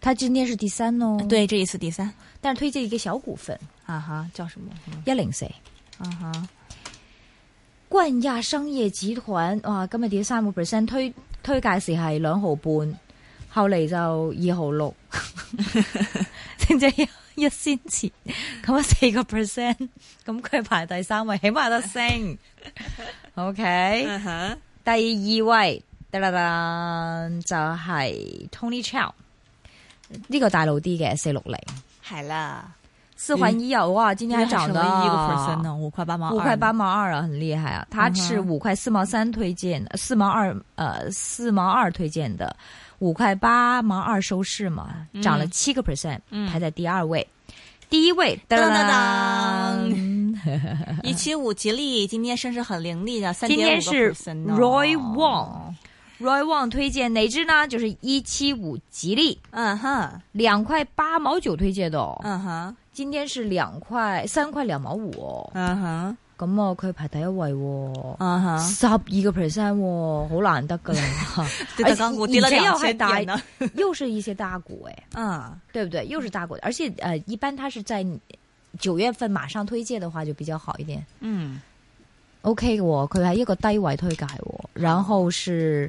他今天是第三咯，對，這一次第三，但係推介一個小股份啊，哈、uh -huh，叫什麼？一零四，啊哈，冠亞商業集團哇，今日跌三個 percent，推推介時係兩毫半，後嚟就二毫六，先 至 一仙前，咁啊四個 percent，咁佢排第三位，起碼得升。 o、okay, K，、uh -huh. 第二位，噠啦啦，就係、是、Tony Chow。呢、這個大路啲嘅四六零係啦，四環醫藥哇，今天還漲咗一個 percent 哦，五塊八毛五塊八毛二啊，很厲害啊！它是五塊四毛三推薦的四、嗯、毛二、呃，呃四毛二推薦的五塊八毛二收市嘛，漲了七個 percent，排在第二位，嗯、第一位，噹噹噹， 一七五吉利，今天升勢很凌厲的，3. 今天是 Roy Wong。 Roy Wong 推薦哪隻呢？就是一七五吉利，嗯哼，兩塊八毛九推薦的，嗯哼，今天是兩塊三塊兩毛五，嗯哼哦，咁啊，佢排第一位，嗯哼，十二個 percent 哦，好難得噶啦，哎 而且，你的的還大呢，又是一些大股哎，嗯哼，對不對？又是大股，而且呃，一般它是在九月份馬上推薦的話就比較好一點，嗯，OK，佢係一個低位推介、哦，然後是。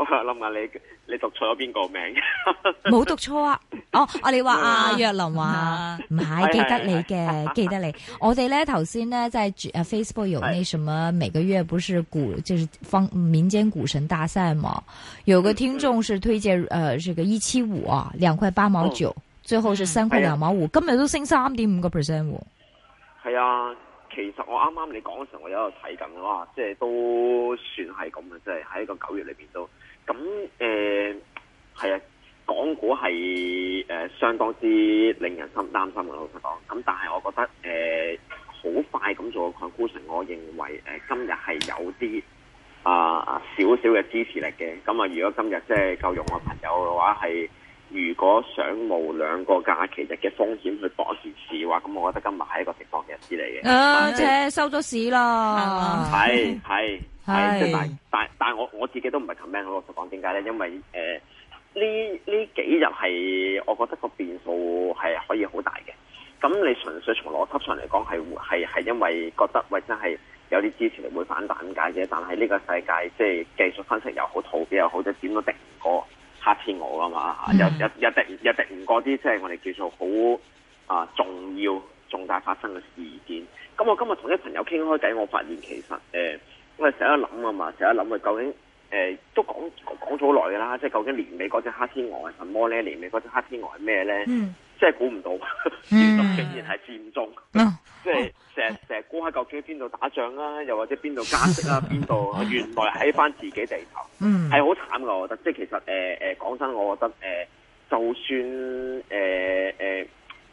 我諗下你你讀錯咗邊個名？冇讀錯啊！哦，你話阿、啊 啊、若琳話唔係記得你嘅， 記得你。我哋咧頭先咧在 Facebook 有那什麼，每個月不是股就是方民間股神大賽嘛？有個聽眾是推薦，嗯、呃，這個一七五啊，兩塊八毛九、哦，最後是三塊兩毛五、嗯，今日、啊、都升三點五個 percent 係啊，其實我啱啱你講嘅時候，我有有睇緊，哇，即係都算係咁嘅，即係喺一個九月裏邊都。咁、嗯、誒，係、嗯、啊，港股係誒、嗯、相當之令人心擔心嘅，老實講，咁但係我覺得誒好、嗯、快咁做個 conclusion，我認為誒、嗯、今日係有啲啊啊少少嘅支持力嘅。咁、嗯、啊，如果今日即係夠用我朋友嘅話係。如果想冒兩個假期日嘅風險去搏一次市嘅話，咁我覺得今日係一個直播嘅日子嚟嘅。啊，且收咗市咯，係係係，但但但，但我我自己都唔係 commend 老實講點解咧？因為呢呢、呃、幾日係我覺得個變數係可以好大嘅。咁你純粹從邏輯上嚟講，係因為覺得喂、呃、真係有啲支持嚟會反彈解嘅。但係呢個世界即係技術分析又好，圖表又好，即點都敵唔過。黑天鵝啊嘛，又又又敵又敵唔過啲，即係我哋叫做好啊重要重大發生嘅事件。咁我今日同啲朋友傾開偈，我發現其實誒、呃，我哋成日諗啊嘛，成日諗啊，究竟誒、呃、都講講咗好耐㗎啦，即係究竟年尾嗰隻黑天鵝係什麼咧？年尾嗰隻黑天鵝係咩咧？即係估唔到，原來竟然係佔中。嗯即係成日成日估下究竟邊度打仗啦，啊，又或者邊度加息啦，啊，邊 度原來喺翻自己地頭，係好慘噶。我覺得即係其實誒誒，講真，我覺得誒、呃、就算誒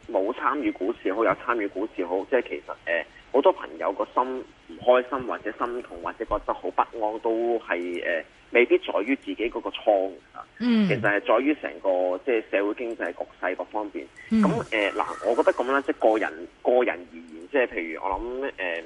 誒冇參與股市好，有參與股市好，即係其實誒好、呃、多朋友個心唔開心，或者心痛，或者覺得好不安，都係誒、呃、未必在於自己嗰個倉、mm. 其實係在於成個即係社會經濟局勢各方面咁誒嗱，我覺得咁樣即係個人個人而言。即係譬如我諗誒、呃，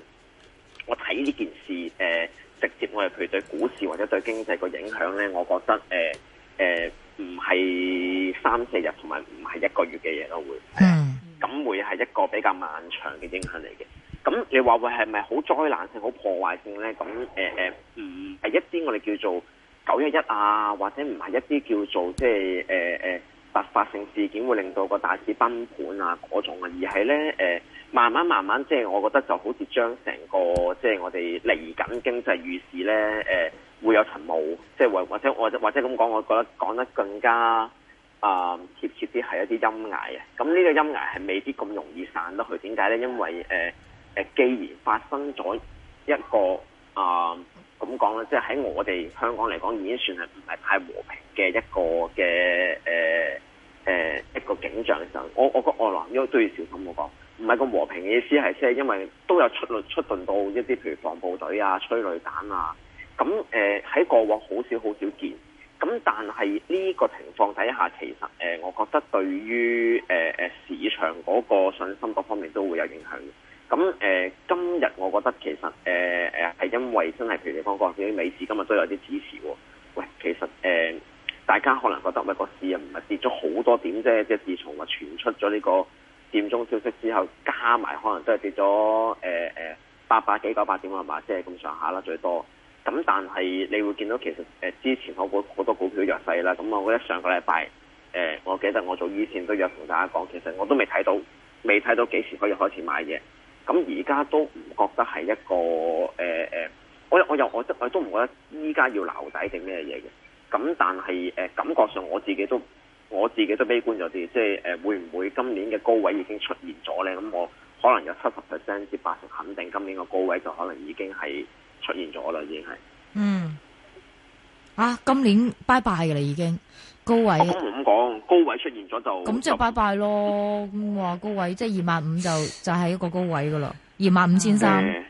我睇呢件事誒、呃，直接我哋譬如對股市或者對經濟個影響咧，我覺得誒誒唔係三四日，同埋唔係一個月嘅嘢都會。嗯、呃，咁會係一個比較漫長嘅影響嚟嘅。咁你話會係咪好災難性、好破壞性咧？咁誒誒，係、呃、一啲我哋叫做九一一啊，或者唔係一啲叫做即係誒誒突發性事件會令到個大市崩盤啊嗰種啊，而係咧誒。呃慢慢慢慢，即、就、係、是、我覺得就好似將成個即係、就是、我哋嚟緊經濟預示呢，誒、呃、會有層霧，即係或或者或者或者咁講，我覺得講得更加啊、呃、貼切啲係一啲陰霾啊！咁呢個陰霾係未必咁容易散得去，點解呢？因為誒誒、呃，既然發生咗一個啊咁講咧，即係喺我哋香港嚟講已經算係唔係太和平嘅一個嘅誒誒一個景象就，我我覺得我話要都要小心。我個。唔係咁和平嘅意思係，即係因為都有出出動到一啲譬如防暴隊啊、催淚彈啊，咁誒喺過往好少好少見。咁但係呢個情況底下，其實誒、呃，我覺得對於誒誒、呃、市場嗰個信心各方面都會有影響。咁誒、呃、今日我覺得其實誒誒係因為真係譬如你方講啲美市今日都有啲支持喎。喂，其實誒、呃、大家可能覺得喂，個市唔係跌咗好多點啫，即係自從話傳出咗呢、這個。佔中消息之後加埋，可能都係跌咗誒誒八百幾九百點係嘛？即係咁上下啦，最多。咁但係你會見到其實誒、呃、之前我好多股票弱勢啦。咁我覺得上個禮拜誒，我記得我做以前都有同大家講，其實我都未睇到，未睇到幾時可以開始買嘢。咁而家都唔覺得係一個誒誒、呃，我我又我，我都我都唔覺得依家要留底定咩嘢嘅。咁但係誒、呃、感覺上我自己都。我自己都悲觀咗啲，即係誒會唔會今年嘅高位已經出現咗咧？咁我可能有七十 percent 至八十肯定今年個高位就可能已經係出現咗啦，已經係。嗯。啊，今年拜拜嘅啦，已經高位。咁唔講高位出現咗就。咁即係拜拜咯，咁 話高位即係二萬五就就係、是、一個高位嘅啦，二萬五千三。嗯嗯。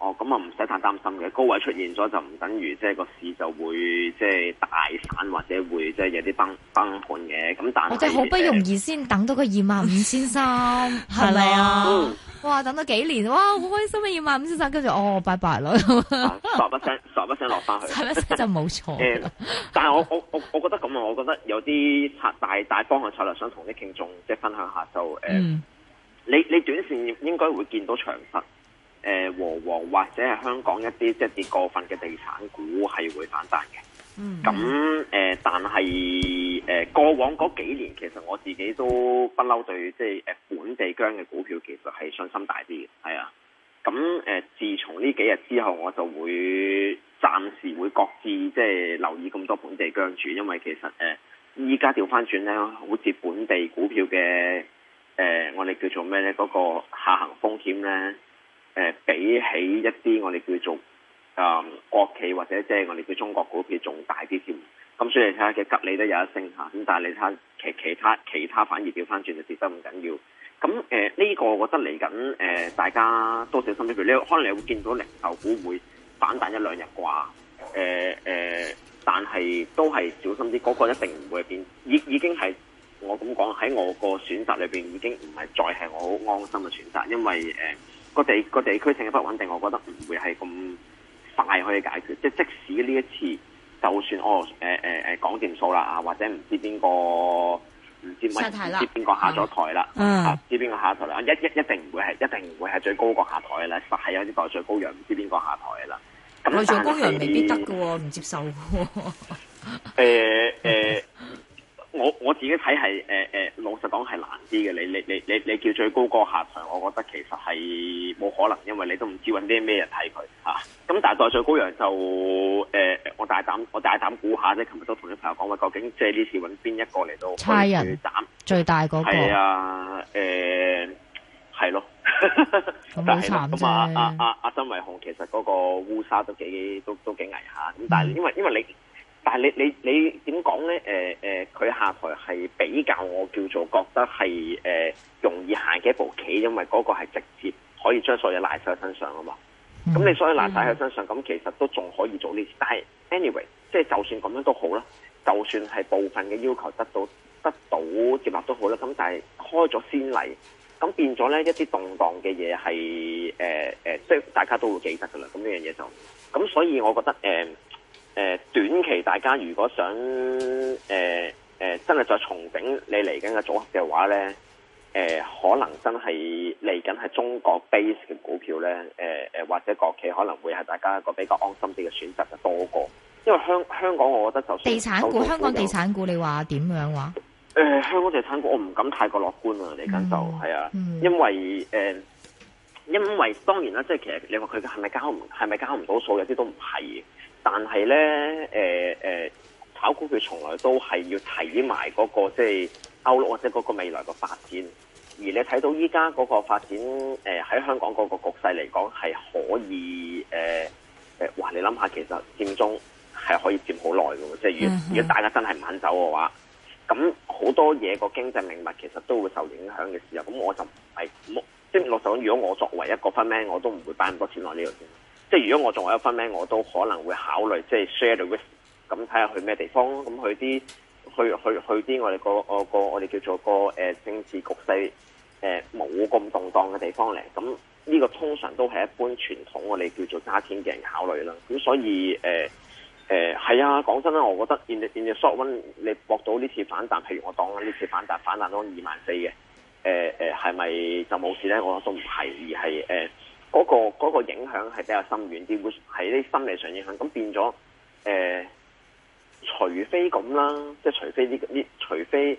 哦，咁啊唔使太擔心嘅，高位出現咗就唔等於即係個市就會即係、就是、大散，或者會即係有啲崩崩盤嘅。咁但係即係好不容易先等到個二萬五千三，係咪啊？哇！等咗幾年，哇！好開心啊！二萬五千三，跟住哦，拜拜啦！十、哦、不聲，十不聲落翻去，係咪就冇錯、 嗯？但係我我我我覺得咁啊，我覺得有啲策大大方向策略想同啲聽眾即係分享下就誒、嗯嗯，你你短線應該會見到長失。誒、呃、和和或者係香港一啲即係跌過分嘅地產股係會反彈嘅。嗯。咁、呃、但係、呃、過往嗰幾年，其實我自己都不嬲對，即、就、係、是、本地薑嘅股票其實係信心大啲嘅。係啊。咁、呃、自從呢幾日之後，我就會暫時會各自即係、就是、留意咁多本地薑住，因為其實誒依家調翻轉咧，好似本地股票嘅誒、呃，我哋叫做咩咧？嗰、那個下行風險咧。誒、呃、比起一啲我哋叫做啊、嗯、國企或者即係我哋叫中國股票仲大啲添，咁所以睇下嘅吉利都有升吓。咁但係你睇下其其他其他反而掉翻轉，就跌得唔緊要，咁誒呢個我覺得嚟緊誒大家都小心啲，譬如，可能你會見到零售股會反彈一兩日啩，誒誒、呃呃，但係都係小心啲，嗰、嗰個一定唔會變。已已經係我咁講，喺我個選擇裏邊已經唔係再係我好安心嘅選擇，因為。誒、呃。個地個地區性嘅不穩定，我覺得唔會係咁快可以解決。即即使呢一次，就算我誒誒誒講掂數啦啊，或者唔知邊個唔知唔知邊個下咗台啦，嗯唔知邊個下台啦，一一一定唔會係一定唔會係最高個下台嘅啦，實係有啲在最高樣，唔、就是、知邊個下台噶啦。在最高羊未必得噶喎，唔接受誒誒。 呃呃 我我自己睇係、呃、老實講係難啲嘅。你你你你你叫最高個下場，我覺得其實係冇可能，因為你都唔知揾啲咩人睇佢嚇。咁、啊、但係再最高人，就、呃、我大膽我大膽估下啫。琴日都同啲朋友講話，究竟即係呢次揾邊一個嚟到差人膽最大嗰、那個？係啊，誒、呃，咯，咁咁啊啊啊！曾、啊啊啊、偉雄其實嗰個烏紗都幾都都幾危下。咁但係因為因為你。嗯但係你你你點講咧？誒、呃、誒，佢、呃、下台係比較我叫做覺得係誒、呃、容易行嘅一步棋，因為嗰個係直接可以將所有嘢賴晒喺身上啊嘛。咁你所有賴晒喺身上，咁、嗯嗯、其實都仲可以做呢啲。但係 anyway，即係就算咁樣都好啦，就算係部分嘅要求得到得到接納都好啦。咁但係開咗先例，咁變咗咧一啲動盪嘅嘢係誒誒，即、呃、係、呃、大家都會記得噶啦。咁呢樣嘢就咁，所以我覺得誒。呃誒，短期大家如果想誒誒，真、呃、係、呃、再重整你嚟緊嘅組合嘅話咧，誒、呃，可能真係嚟緊係中國 base 嘅股票咧，誒、呃、誒，或者國企可能會係大家一個比較安心啲嘅選擇嘅多過，因為香香港，我覺得就算地產股，香港地產股你說，你話點樣話？誒，香港地產股，我唔敢太過樂觀啊，嚟緊就係、嗯、啊，因為誒、呃，因為當然啦，即係其實你話佢係咪交唔係咪交唔到數，有啲都唔係嘅。但係咧，誒、欸、誒，炒股佢從來都係要睇埋嗰個即係歐陸或者嗰個未來嘅發展。而你睇到依家嗰個發展，誒、欸、喺香港嗰個局勢嚟講，係可以誒誒、欸。哇！你諗下，其實佔中係可以佔好耐嘅喎。即係如如果大家真係唔肯走嘅話，咁好多嘢個經濟命脈其實都會受影響嘅時候，咁我就係冇即係落手。就是、如果我作為一個 fund man，我都唔會擺咁多錢落呢度先。即係如果我仲有一分咩，我都可能會考慮即係 share the risk，咁睇下去咩地方咁去啲去去去啲我哋個,個我哋叫做個、呃、政治局勢冇咁、呃、動蕩嘅地方嚟。咁呢個通常都係一般傳統我哋叫做揸錢嘅人嘅考慮啦。咁所以係、呃呃、啊，講真啦，我覺得現時 short run 你博到呢次反彈，譬如我當呢次反彈反彈咗二萬四嘅，係、呃、咪就冇事咧？我都唔係，而係、呃嗰、那個、那個影響係比較深遠啲，會喺啲心理上影響。咁變咗，誒、呃，除非咁啦，即係除非呢呢，除非誒誒、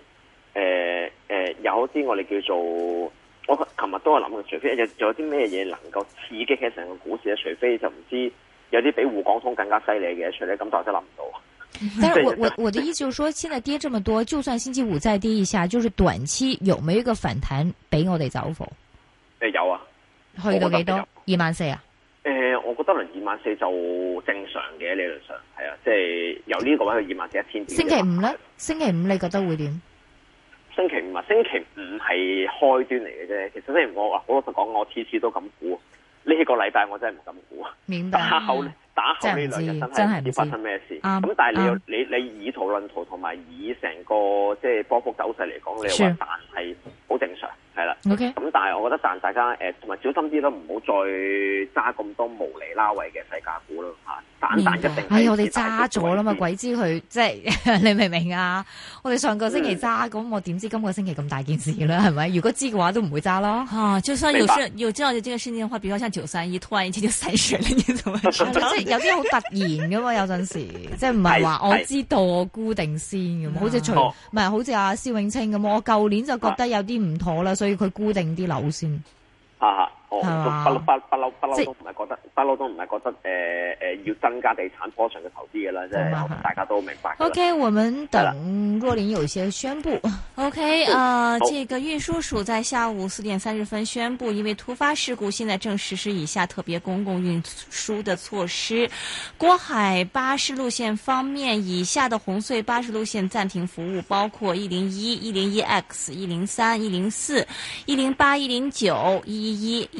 呃呃，有啲我哋叫做，我琴日都係諗嘅，除非有有啲咩嘢能夠刺激起成個股市咧，除非就唔知有啲比滬港通更加犀利嘅，除咧咁就真諗唔到。但係我我 我的意思就是說，現在跌這麼多，就算星期五再跌一下，就是短期有冇一個反彈俾我哋走貨？誒、呃、有啊。去到幾多？二萬四啊？誒、呃，我覺得輪二萬四就正常嘅理論上係啊，即、就、係、是、由呢個位去二萬四一千點。星期五咧？星期五你覺得會點？星期五啊？星期五係開端嚟嘅啫。其實,實說、這個、星期我話好老實講，我次次都咁估呢個禮拜我真係唔敢估。啊。打後打後呢兩日真係唔知發生咩事。咁、嗯、但係你、嗯、你你以圖論圖同埋以成個即係波幅走勢嚟講，你話但係好正常。係啦，咁、okay? 但係我覺得，但大家誒同埋小心啲咯，唔好再揸咁多無厘拉位嘅世界股咯嚇。但、啊、一定係、哎，我哋揸咗啦嘛，鬼知佢即係你明唔明啊？我哋上個星期揸，咁、嗯、我點知今個星期咁大件事咧？係咪？如果知嘅話，都唔會揸咯。啊，就算有上有之後有呢個事件嘅話，比如話生意，突然之間 就洗水啲咁嘅即係有啲好突然嘅嘛。有陣時即係唔係話我知道我沽定先嘅好似除唔係好似阿蕭永清咁，我舊年就覺得有啲唔妥啦、啊，所要佢固定啲樓先。啊！啊哦，不不嬲不嬲都唔係覺得，不嬲都唔係覺得誒誒要增加地產波上嘅投資嘅啦，即係大家都明白。O K，我們等若琳有一些宣布。O K，啊，這個運輸署在下午四點三十分宣布，因為突發事故，現在正實施以下特別公共運輸的措施。過海巴士路線方面，以下的紅隧巴士路線暫停服務，包括一零一、一零一 X、一零三、一零四、一零八、一零九、一一一。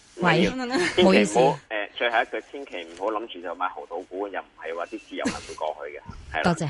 嗯、喂，唔好意思、欸、最後一句，千祈唔好諗住就買濠賭股，又唔係話啲自由行會過去嘅， 多謝。